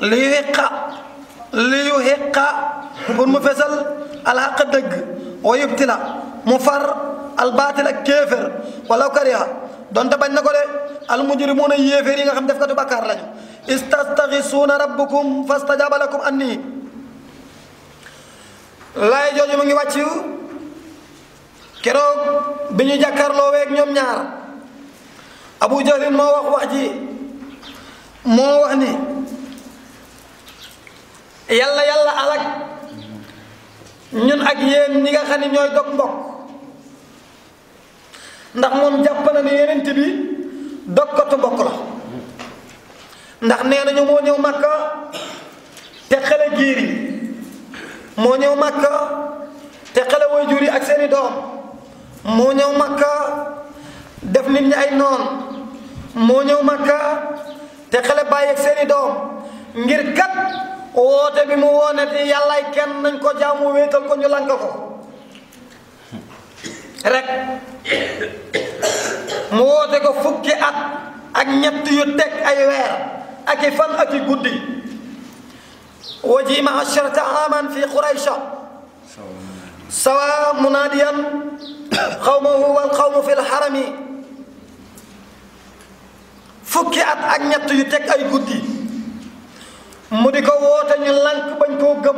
li yu xeqa li yu xeqa pour mu fesal alxaq dëgg wa yubtila mu far albaatil ak kéefér walaw kariha donte bañ na ko de almujrimuuna yéeféer yi nga xam def katu bàkkaar lañu istastaxisuuna rabbukum fastajaaba lakum annii laay jooju mu ngi wàcc keroog bi ñu jàkkaarloo ñoom ñaar abu jahlin moo wax wax moo wax ni Yalla yalla alak ñun ak yeen ñi nga xani ñoy ñooy dog mbokk ndax mom japp na ne yenent bi to mbokk la ndax neenañu mo ñew makka te xala giiri mo ñew makka te xala way akseni ak seeni doom mo ñew makka def nit ñi ay noon mo ñew makka te xala baye ak seeni doom ngir kat woote bi mu woone te yàllaay kenn nañ ko jaamu wéetal ko ñu lank ko rek mu woote ko fukki at ak ñett yu teg ay weer ak i fan ak i guddi wajima asharata aman fi quraysha sawa munaadiyan xawmahu wal xawmu fi lxarami fukki at ak ñett yu teg ay guddi mu di ko woote ñu lànk bañ koo gëm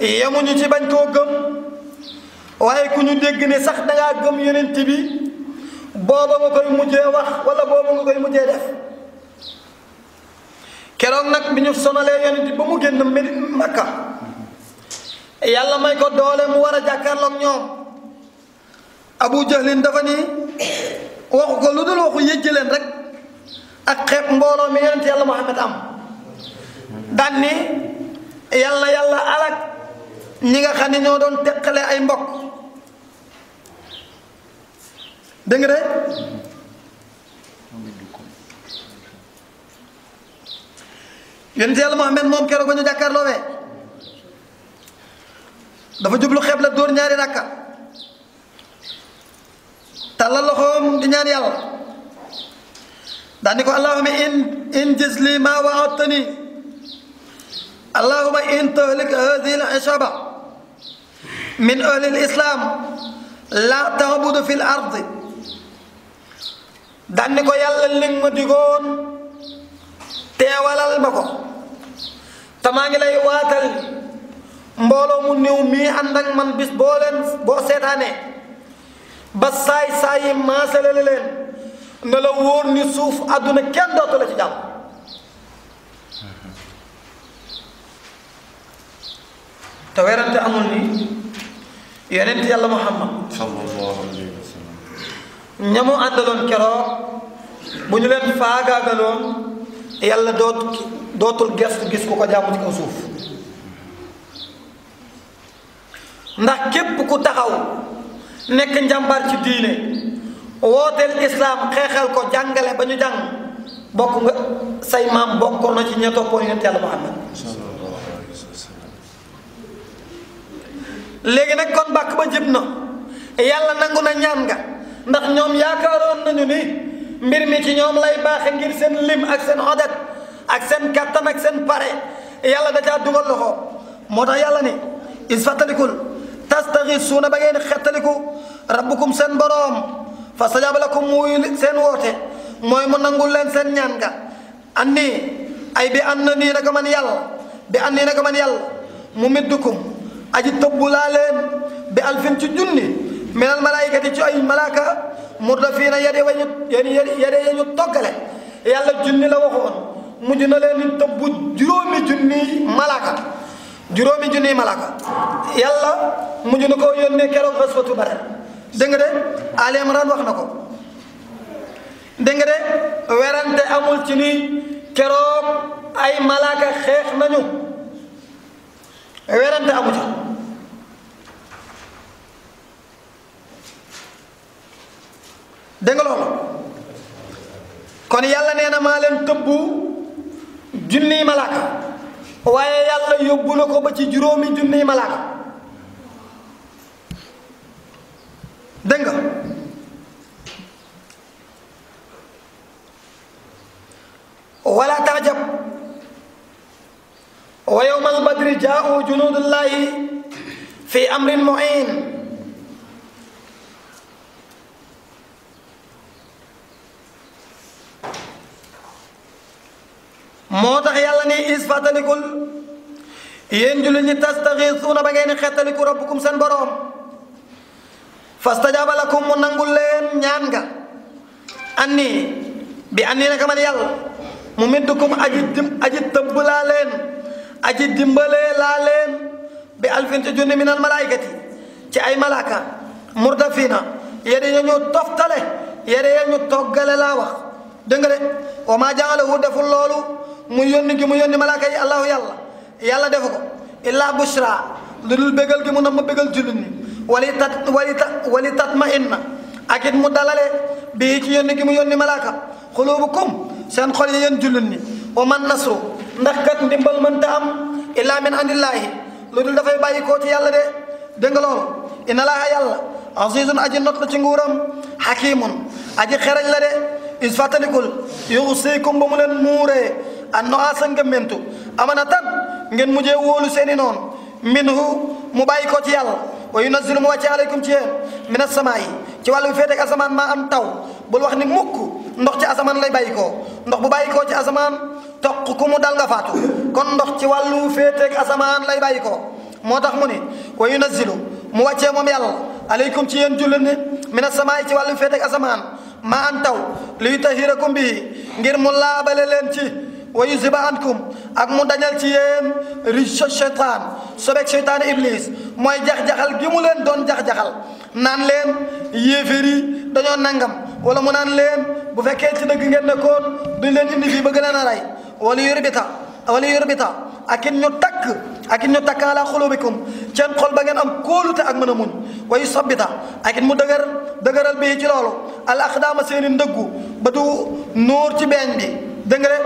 yemuñu ci bañ koo gëm waaye ku ñu dégg ne sax dangaa gëm yonent bi booba nga koy mujjee wax wala booba nga koy mujjee def keroog nag bi ñu sonalee yonent ba mu génn medi Makka yàlla may ko doole mu war a jàkkaarloog ñoom Abu Jahlin dafa ni waxu ko lu dul waxu yëjj leen rek ak xeeb mbooloo mi yonent yàlla Muhammad am daan ni yàlla yàlla ñi nga xam ñoo doon teqale ay mbokk dégg nga de yonent yàlla Muhammad moom keroog ba ñu jàkkaarloowee dafa jublu xeeb la dóor ñaari rakka tàllal loxoom di ñaan yàlla daan ni ko allahumma in in jisli ma waatani اللهم إن تهلك هذه العشبة من أهل الإسلام لا تعبد في الأرض دانكو يالا لين ما ديغون تيوالال مكو تماغي لاي واتال mbooloo mu néew mii ànd ak man bis boo leen boo seetaanee ba saay saay yi maasale leen ne la wóor ni suuf àdduna kenn dootu la ci jàpp te werante amul ni ti Allah muhammad sallallahu alaihi wasallam sallam ñamu àndaloon keroog bu ñu leen faagaagaloon yàlla doot dootul gestu gis ko ko jamu ci kaw suuf ndax kep ku taxaw nek njambar ci diine wotel islam xeexal ko jangale bañu jang bokku nga say mam bokko na ci ñato ko ñu yàlla muhammad léegi nag kon bàkk ba jib na yàlla nangu na ñaan nga ndax ñoom yaakaaroon nañu ni mbir mi ci ñoom lay baaxe ngir seen lim ak seen odet ak seen kattan ak seen pare yàlla da caa dugal loxo moo tax yàlla ni is fàttalikul tastaxisuuna ba ngeen xettaliku rabbukum seen boroom fa sajaba lakum muy seen woote mooy mu nangul leen seen ñaan nga an nii ay bi an na nii naka man yàlla bi na nii naka man yàlla mu middukum aji tëbbu laa leen bi alfin ci junni minal malaayikati ci ay malaaka murdafiina yade wañu yade yañu toggale yàlla junni la waxoon mujj na leen di tëbbu juróomi junniy malaaka juróomi junniy malaaka yàlla mujj na koo yónnee keroog xaswatu bare dégg de Ali Imran wax na ko dégg nga de werante amul ci ni keroog ay malaaka xeex nañu werante amu dégg kon yàlla nee na maa leen tëbbu junniy malaaka waaye yàlla yóbbu na ko ba ci juróomi junniy malaaka dégg nga taajab wa yawmal badri jaa'u junuudullaahi fi amrin mu'in moo tax yàlla ni is fàttalikul yéen jullit ñi tastaxiisuuna ba ngeen xettaliku rabbukum seen boroom fastajaaba lakum mu nangul leen ñaan nga anni bi anni naka man yàlla mu middukum aji dim aji tëbb laa leen aji dimbalee laa leen bi alfin ci junni minal malaayikati ci ay malaaka murdafiina yére ya ñu toftale yére ya toggale laa wax dégg wa maa jaalahu deful loolu mu yónni gi mu yónni malaaka yi allahu yàlla yàlla defu ko illaa bushra lu dul bégal gi mu nam ma bégal jullit ñi wali tat wali ta wali tat ma inna ak it mu dalalee bii ci yónni gi mu yónni malaaka xuluubukum seen xol yi yéen jullit ñi wa man nasru ndax kat ndimbal mënta am illaa min andillaahi lu dul dafay bàyyi koo yàlla de dégg nga loolu inna laaha yàlla azizun aji not la ci nguuram xakimun aji xerañ la de is fàttalikul yusikum ba mu leen muuree annoha sangammentu amana tan ngeen mujjee wóolu seeni noonu minhu mu bàyyi ko ci yàlla wa yunazzilu mu wàcce aleykum ci yéen min assamaa'i ci wàllu féete ak asamaan maa am taw bul wax ni mukk ndox ci asamaan lay bàyyi ndox bu bàyyi koo ci asamaan toq ku mu dal nga faatu kon ndox ci wàllu féete ak asamaan lay bàyyi moo tax mu ni wa yunazzilu mu wàccee moom yàlla aleykum ci yen jullit ni min assamaa'i ci wàllu féete ak asamaan maa am taw liyutahhirakum bihi ngir mu laabale leen ci wa yuzhiba ankum ak mu dañal ci yéen riche cheytaan sobek cheytaan iblis mooy jax-jaxal gi mu leen doon jax-jaxal naan leen yéeféer yi dañoo nangam wala mu naan leen bu fekkee ci dëgg ngeen nekkoon duñ leen indi fii bëgg leen a rey wala yurbita wala yurbita ak it ñu takk ak it ñu takk ala xulubikum seen xol ba ngeen am kóolute ak mën a muñ wayu sabbita ak it mu dëgër dëgëral bii ci loolu al aqdaama seen i ndëggu ba du nóor ci beeñ bi dégg nga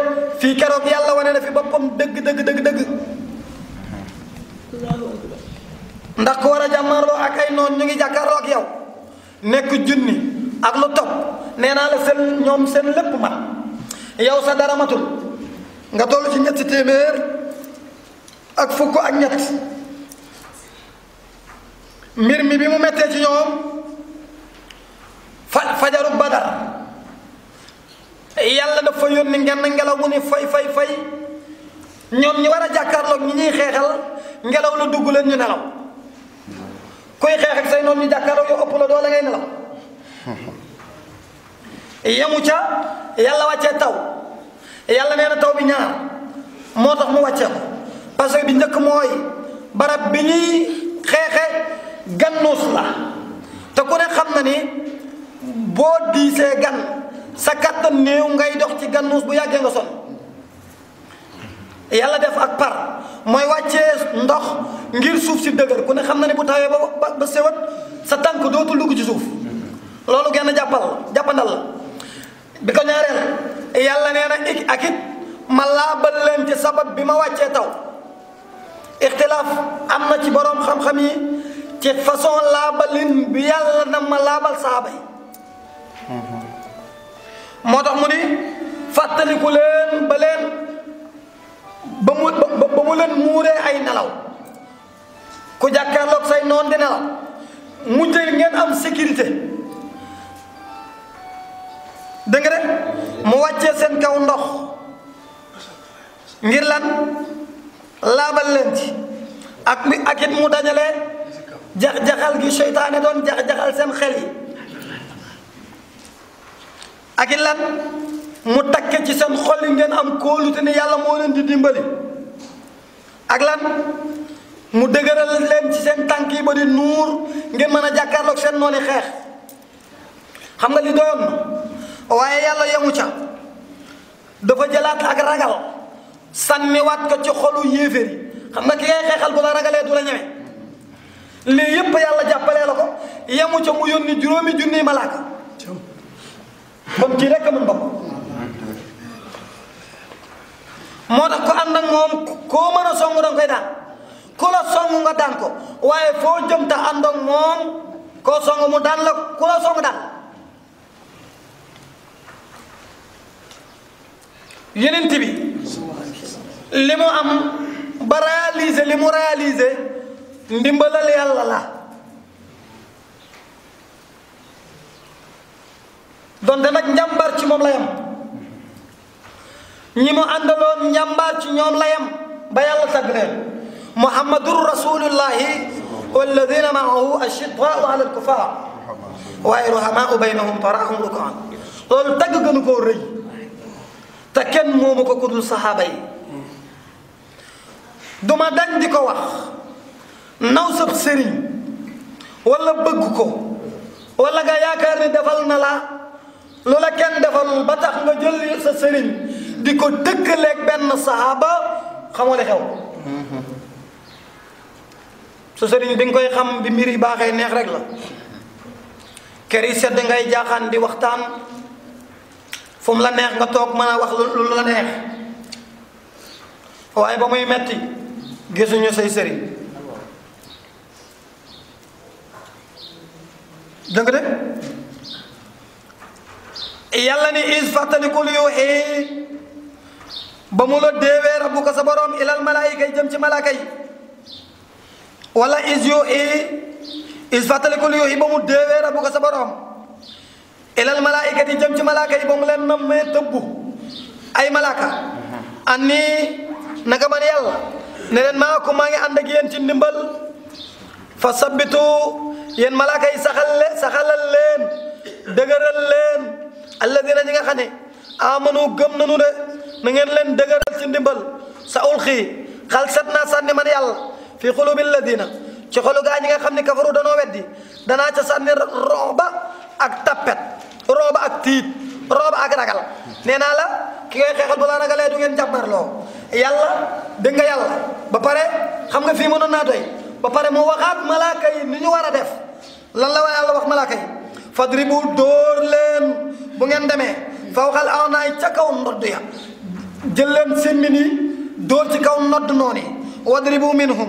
fii keroog yàlla wane na fi boppam dëgg dëgg dëgg dëgg ndax ku war a jàmmaarloo ak ay noon ñu ngi jàkkaarloo ak yow nekk junni ak lu topp nee naa la seen ñoom seen lépp mat yow sa dara matul nga toll ci ñett téeméer ak fukk ak ñett mbir mi bi mu mettee ci ñoom fa fajaru badar yàlla dafa yónni ngeen ngelaw bu ne fay fay fay ñoom ñi war a jàkkaarloog ñi ñuy xeexal ngelaw la dugg leen ñu nelaw kuy xeex ak say noonu ñu jàkkaarloog yow ëpp la doole ngay nelaw yemu ca yàlla wàccee taw yàlla nee na taw bi ñaar moo tax mu wàccee ko parce que bi njëkk mooy barab bi ñuy xeexe gannuus la te ku ne xam na ni boo diisee gan. sa kàttan néew ngay dox ci gannuus bu yàggee nga sonn yàlla def ak par mooy wàccee ndox ngir suuf si dëgër ku ne xam na ne bu tawee ba ba sewat sa tànk dootul dugg ci suuf loolu genn jàppal jàppandal la bi ko ñaareel yàlla nee na ik ak it ma laabal leen ci sabab bi ma wàccee taw ixtilaaf am na ci boroom xam-xam yi ci façon laabalin bi yàlla na ma laabal saaba moo tax mu ni fàttaliku leen ba leen ba mu ba mu leen muuree ay nelaw ku jàkkaarloog say noon di nelaw mu jël ngeen am sécurité dégg nga mu wàccee seen kaw ndox ngir lan laabal leen ci ak mi ak it mu dajalee jax jaxal gi seytaane doon jax jaxal seen xel yi ak i lan mu takke ci seen xol yi ngeen am kóolute ne yàlla moo leen di dimbali ak lan mu dëgëral leen ci seen tànk yi ba di nuur ngeen mën a jàkkaarloog seen noonu xeex xam nga li doyoon na waaye yàlla yamu ca dafa jëlaat ak ragal sànniwaat ko ci xolu yéeféer yi xam nga ki ngay xeexal bu la ragalee du la ñeme lii yépp yàlla jàppalee la ko yemu ca mu yónni juróomi junniy malaaka moo tax ko ànd moom koo mën a song danga koy daan ku la nga daan ko waaye foo jëm te ànd ak koo song mu daan la ku la song daan yenent bi li mu am ba réaliser li mu réaliser ndimbalal yàlla la donte nag njàmbaar ci moom la yam ñi mu àndaloon ci ñoom la yam ba yàlla tagg leen muhammadun rasulullahi walladina maahu ashiddaau ala alkufaar waaye ruhamaau baynahum taraahum rukaan loolu koo rëy te kenn moomu ko ku dul duma dañ di ko wax naw sab sëriñ bëgg ko wala nga yaakaar ni defal na la Lola ken defal ba tax nga jël sa serigne diko ko dëkkaleeg sahaba xamone xew sa serigne ding koy xam bi miri baxé neex rek la kër sedd ngay jaxan di waxtan fum la neex nga tok mana wax lu la neex waaye ba muy metti say serigne dëng dëng yalla ni iz fattali kul yuhi bamulo dewe la deewee rabbuka sa malai ilal malaayika jam ci malaaka wala iz yuhi iz fattali kul yuhi bamu dewe deewee rabbuka sabaram di ilal malaikati jam ci malaaka bamu len mu leen ay malaka, anni naga man yalla ne len maa ko maa ngi ànd ak yéen ci ndimbal fa sabbitu yi saxal len Allah dina ñinga xane amanu gëm nañu de na ngeen leen dëgëral ci ndimbal sa ulxi xal sat naa man yalla fi qulubil ladina ci xolu ga ñinga xamni kafaru weddi dana ci sanni roba ak tapet roba ak tit roba ak ragal neena la ki ngay xexal bu la ragalé du ngeen lo yalla de nga yalla ba pare xam nga fi mëna na doy ba pare mo waxat malaaka yi ni ñu wara def lan la wa yalla wax malaaka yi fadribu dor leen bu ngeen demee fawxal aw naay ca kaw ndodd ya jël leen simmin yi dóor ci kaw nodd noon yi wadribu minhum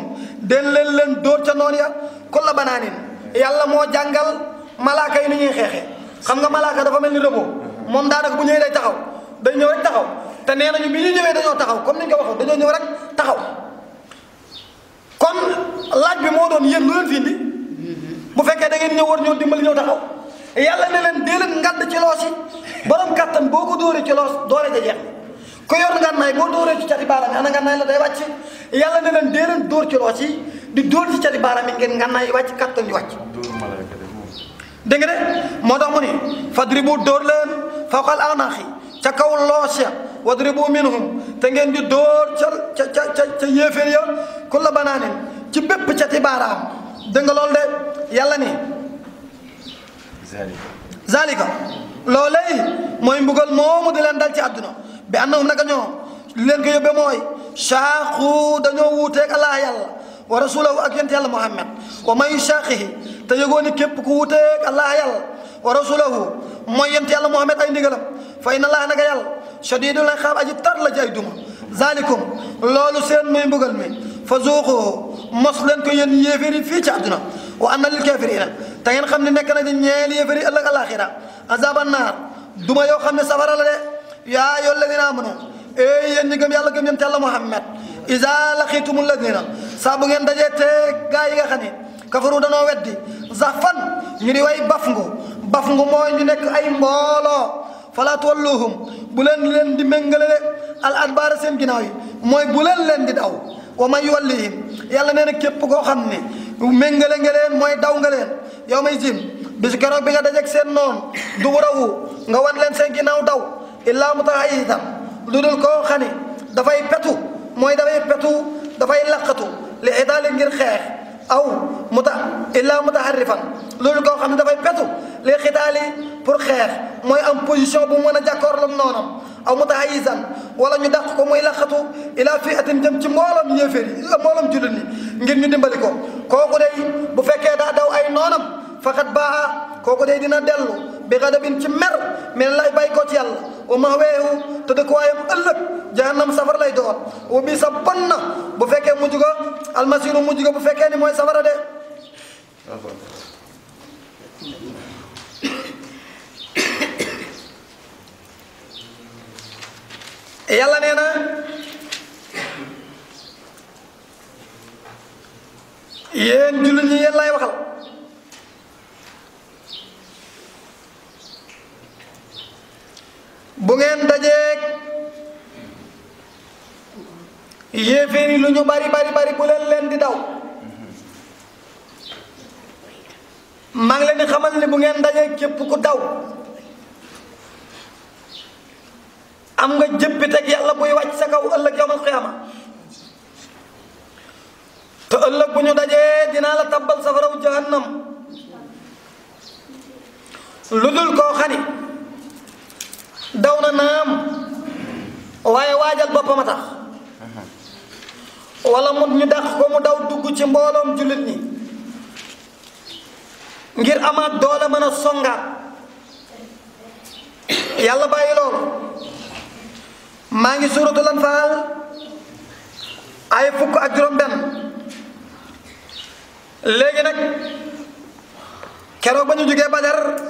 del leen leen dóor ca noon ya kulla banaanin yàlla moo jàngal malaaka yi ni ñuy xeexee xam nga malaaka dafa mel ni rëboo moom daanaka bu ñëwee day taxaw day ñëw rek taxaw te nee nañu bi ñu ñëwee dañoo taxaw comme ni nga ko waxee dañoo ñëw rek taxaw kon laaj bi moo doon yéen lu leen fi indi bu fekkee da ngeen ñëw war ñoo dimbali ñëw taxaw yàlla ne leen dee leen ngàdd ci loos yi borom boo ko dóoree ci loos doole ja jeex ko yor ngànnaay boo dóoree ci cati baaraam yi ana ngànnaay la day wàcc yàlla ne leen dee leen dóor ci loos yi di dóor ci cati baaraam yi ngeen ngànnaay yi wàcc kàttan yi wàcc dégg de moo tax mu ne fadribu dóor leen fawqal anaaxi ca kaw loos ya wadribu minhum te ngeen di dóor ca ca ca ca yéeféer ya kulla banaanin ci bépp cati baaraam dégg nga loolu de yàlla ne zalika loolee mooy mbugal moomu di leen dal ci àdduna bi annahum naka ñoo li leen ko yóbbee mooy saaqu dañoo wuuteeg allah yàlla wa rasulahu ak yonent yàlla muhammad wa man yusaaqihi te yëgoo ni képp ku wuuteeg allah yàlla wa rasulahu mooy yonent yàlla muhammad ay ndigalam fa inna allah naka yàlla shadidul iqaab aji tar la jay duma zalikum loolu seen muy mbugal mi fa zuuqu mos leen ko yéen yéeféeri fii ci àdduna wa anna lil kaafiriina te ngeen xam ne nekk nañu ñeel yéefari ëllëg alaxira azaban naar duma yoo xam ne safara la de yaa yoo ladina amanu ee yéen gëm yàlla gëm yonent yàlla Muhammad iza la alladina saa bu ngeen dajee te gaa yi nga xam ne kafaru danoo weddi zahfan ñu di way baf ngu baf ngu mooy ñu nekk ay mbooloo fala tuwalluhum bu leen leen di méngale al adbaara seen ginnaaw mooy bu leen di daw wa man yuwallihim yàlla nee képp koo xam ni me nga leen mooy daw nga leen yow may jim bisu keroog bi nga dajeeg seen noonu du wurawu nga wan leen seen ginnaaw daw illaa mu tax itam lu dul koo xani dafay petu mooy dafay petu dafay laqatu li idaali ngir xeex aw muta illaa mutaharrifan loolu koo xam ne dafay petu li xitaali pour xeex mooy am position bu mu mën a jàkkoorlam noonam aw mutahayizan wala ñu dàq ko muy laqatu ilaa fi'atin jëm ci mbooloom yéeféer yi mbooloom jullit ngir ñu dimbali ko kooku day bu fekkee daa daw ay noonam faqat baa kooku day dina dellu Begadabin cemer, melai baik ojel, omah wewu, todek wayam, elzek, jahanam, sabar, lah itu orang. Om bisa penuh, buffet camp mo juga, al masir mo juga, buffet camp ni moay sabar ada. Iyalah nih anak, iyan, julen nih iyan, lah ya bakal. ngeen dajeeg yéeféer lu ñu bari bari bu leen leen di daw man ngi leen di xamal ni bu ngeen dajeeg jépp ku daw am nga jëppiteg yàlla buy wàcc sa kaw ëllëg yawmal qiyaama te ëllëg bu ñu dajee dinaa la tabbal safaraw jahannam lu dul koo xani daw na naam waaye waajal boppam a tax wala mu ñu dàq ko mu daw dugg ci mbooloom jullit ñi ngir amaat doole mën a songaat yàlla bàyyi loolu maa ngi suuratul Anfaal ay fukk ak juróom-benn léegi nag keroog ba ñu jógee Badar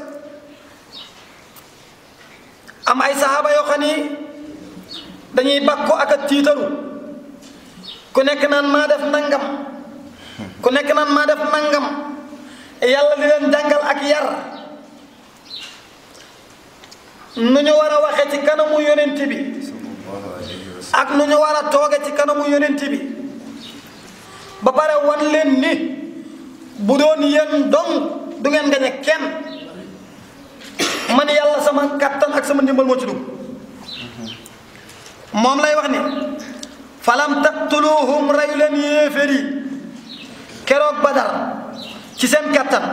am ay sahaba yo xani dañuy bakko ak a tiitaru ku nek nan ma def nangam ku nek nan ma def nangam yalla di len jangal ak yar nu ñu waxe ci kanamu yonent bi ak nu ñu war a ci kanamu yonent bi ba pare wan len ni bu doon dong du ngeen gañe kenn man yàlla sama kattan ak sama ndimbal moo ci dugg moom lay wax ne falam taqtuluhum rayu leen yéeféer yi keroog badar ci seen kattan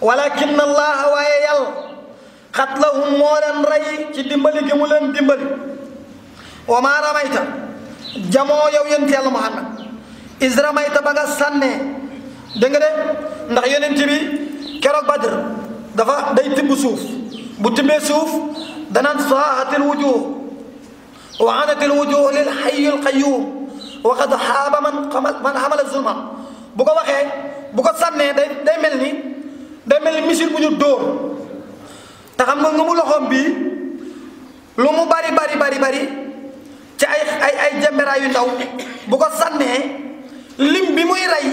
walakin allaha waaye yàlla xatlahum moo leen rey ci dimbali gi mu leen wa maa ramayta jamoo yow yonent yàlla muhammad is ramayta ba nga sànnee dégg nga de ndax yonent bi keroog badar dafa day tibb suuf bu jëmee suuf danaan saahatil wujuh wa anatil wujuh lil hayyil qayyum wa qad man man xamala zulma bu ko waxee bu ko sànnee day day mel ni day mel ni misir bu ñu dóor te xam mu loxoom bii lu mu bari bari bari bari ci ay ay ay yu ndaw bu ko sànnee lim bi muy rey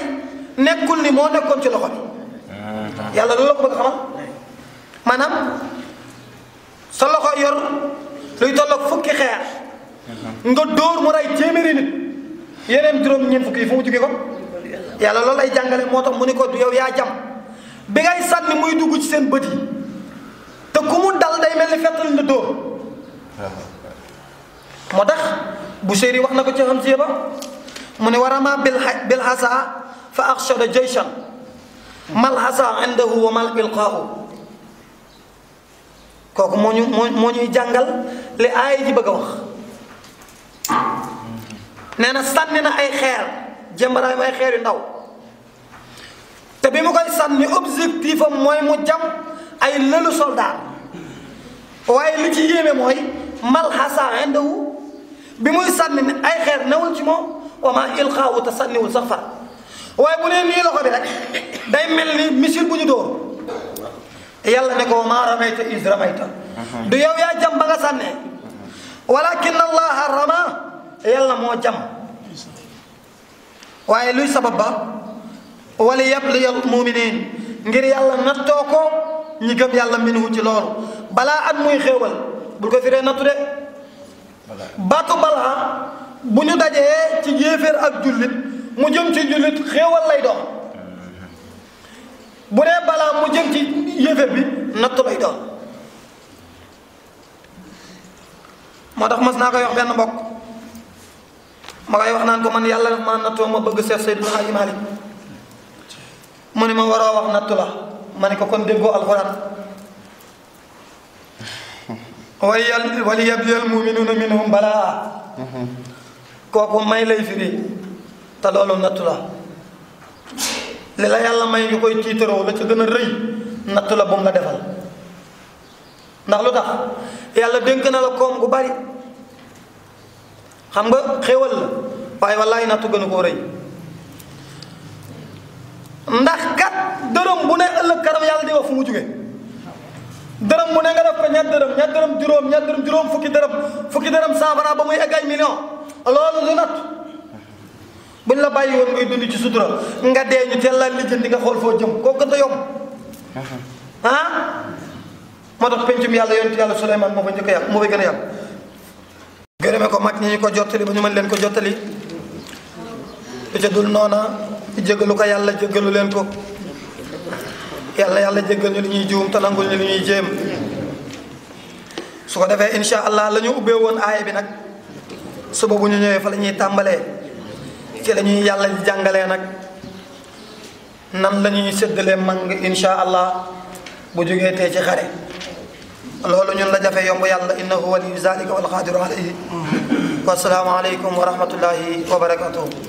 nekkul ni moo nekkoon ci loxo bi ah, ah. yàlla loolu la ko xamal maanaam yor luy tolloog fukki xex nga dóor mu ray téeméeri nit yeneen juróom ñeent fukki fu mu jugge ko yalla lol lay jangale motax mu ni ko yow ya jam bi ngay sanni muy dugg ci seen beuti te ku mu dal day melni fetal fettal na dóor bu seeri wax na ko ci xam ba mu ne warama bil bil hasa fa akhshada jayshan mal hasa indahu wa mal ilqahu kooku moo ñu moo moo ñuy jàngal li aaya ji bëgg a wax nee na sànni na ay xeer jëmbaraayam ay xeer yu ndaw te bi mu koy sànni objectif mooy mu jam ay lëlu soldat waaye li ci yéeme mooy malxasa indahu bi muy sànni ay xeer newul ci moom wama ilxaawu te sànniwul sax far waaye bu nee nii loxo bi day mel ni missile bu ñu dóor yàlla ne ko maa ramayta iz ramayta uh-huh. du yow yaa jam ba nga sànnee uh-huh. walakin allaha rama yàlla moo jam waaye luy sabab ba wali yabliyal muminin ngir yàlla nattoo ko ñi gëm yàlla minhu ci loolu balaa at muy xéewal bul ko firee nattu de baatu balaa bu ñu dajee ci yéeféer ak jullit mu jëm ci jullit xéewal lay dox bu dee balaa mu jëm ci yéeféer bi nattu lay doon moo tax mas naa koy wax benn mbokk ma koy wax naan ko man yàlla daf ma nattoo ma bëgg seet Seydina Haaji Maalik mu ne ma waroo wax nattu la ma ko kon déggoo alxuraan way yal wali yabdiyal muminuuna minhum balaa kooku may lay firi te loolu li la yàlla may ñu koy tiitaroo la gën a rëy nattu la bu mu la defal ndax lu tax yàlla dénk na la koom gu bari xam nga xéwal la waaye wallaay nattu gën a koo rëy ndax kat dërëm bu ne ëllëg karam yàlla di wax fu mu jóge dërëm bu ne nga def ko ñaar dërëm ñaar dërëm juróom ñaar dërëm juróom fukki dërëm fukki dërëm cent francs ba muy egg ay million loolu lu nattu buñ la bayyi won ngay dund ci sutura nga deñu ñu teel laa lijjanti nga xol fo jëm ko gën a yomb ah moo tax pencum yalla yonent yalla sulayman mo ko njëkk a yàq moo koy gën a yàq ko mat ñi ko jotali bu ñu mën leen ko jotali lu ca dul noona jégalu ko yalla jégalu leen ko yalla yalla jégal ñu li ñuy joom ta nangul ñu li ñuy jëm su ko defé inshallah allah la won ubbee bi nak su bobu ñu ñëwé fa lañuy tambalé ci la ñuy yàlla jàngalee nag nan la ñuy séddalee mang insha allah bu jógee tee ci xare loolu ñun la jafe yomb yàlla innahu waliyu zalika wal qadiru alayhi mm-hmm. wasalaamu aleykum wa rahmatullahi wa barakatuhu